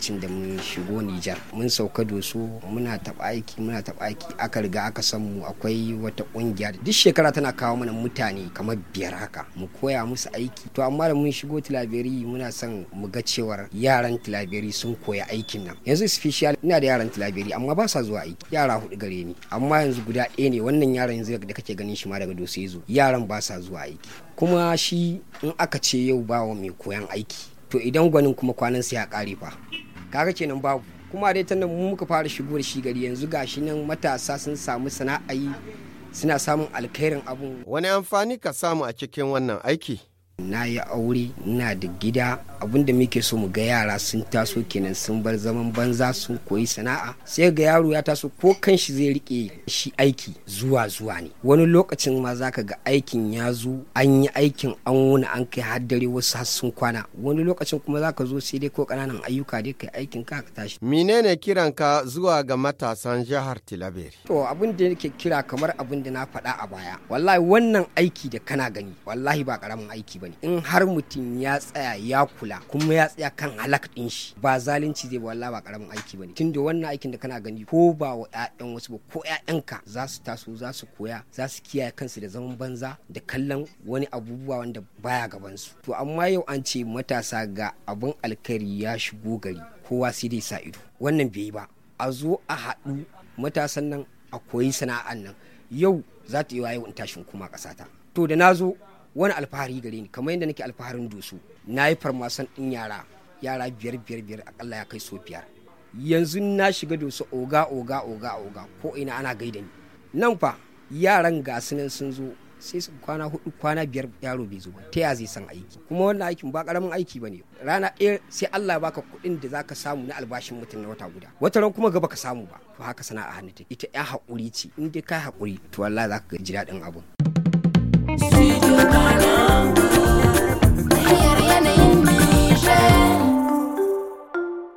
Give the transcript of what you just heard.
lokacin da mun shigo Nijar mun sauka doso muna taɓa aiki muna taɓa aiki aka riga aka san mu akwai wata ƙungiya duk shekara tana kawo mana mutane kamar biyar haka mu koya musu aiki to amma da mun shigo tilaberi muna son mu ga cewar yaran tilaberi sun koya aikin nan yanzu special ina da yaran tilaberi amma ba sa zuwa aiki yara hudu gare ni amma yanzu guda ɗaya ne wannan yaran yanzu da kake ganin shi ma daga doso zo yaran ba sa zuwa aiki kuma shi in aka ce yau bawa mai koyan aiki to idan gwanin kuma kwanan sai ya kare fa kaga kenan babu kuma dai ta muka fara shigo da shi gari yanzu gashi nan matasa sun samu sana'a yi suna samun alkhairin abun wani amfani ka samu a cikin wannan aiki na yi aure na da gida abin da muke so mu ga yara sun taso kenan sun bar zaman banza sun koyi sana'a sai ga yaro ya taso ko kan shi zai rike shi aiki zuwa zuwa ne wani lokacin ma zaka ga aikin ya zo an yi aikin an wuni an kai har dare wasu har sun kwana wani lokacin kuma zaka zo sai dai ko kananan ayyuka dai kai aikin ka ka tashi menene kiranka zuwa ga matasan jihar Tilaberi to abin da nake kira kamar abin da na faɗa a baya wallahi wannan aiki da kana gani wallahi ba karamin aiki bane in har mutum ya tsaya ya kula kula kuma ya tsaya kan halak din shi ba zalunci zai walla ba karamin aiki bane da wannan aikin da kana gani ko ba wa ƴaƴan wasu ba ko ƴaƴanka za su taso za su koya za su kiyaye kansu da zaman banza da kallon wani abubuwa wanda baya gaban su to amma yau an ce matasa ga abin alkari ya shigo gari kowa sai dai sa ido wannan bai yi ba a zo a haɗu matasan nan a koyi sana'an nan yau za ta yi wa yau in tashin kuma ƙasata to da na zo wani alfahari gare ni kamar yadda nake alfaharin dusu na yi farmasan ɗin yara yara biyar biyar biyar akalla ya kai so biyar yanzu na shiga dusu oga oga oga oga ko ina ana gaida ni nan fa yaran gasu nan sun zo sai su kwana hudu kwana biyar yaro bai zo ta ya zai san aiki kuma wannan aikin ba karamin aiki ba ne. rana ɗaya sai Allah baka kuɗin da zaka samu na albashin mutum na wata guda wata ran kuma gaba ka samu ba to haka sana'a hannu ta ita ya haƙuri ce in dai ka haƙuri to wallahi zaka ji daɗin abun you Romana.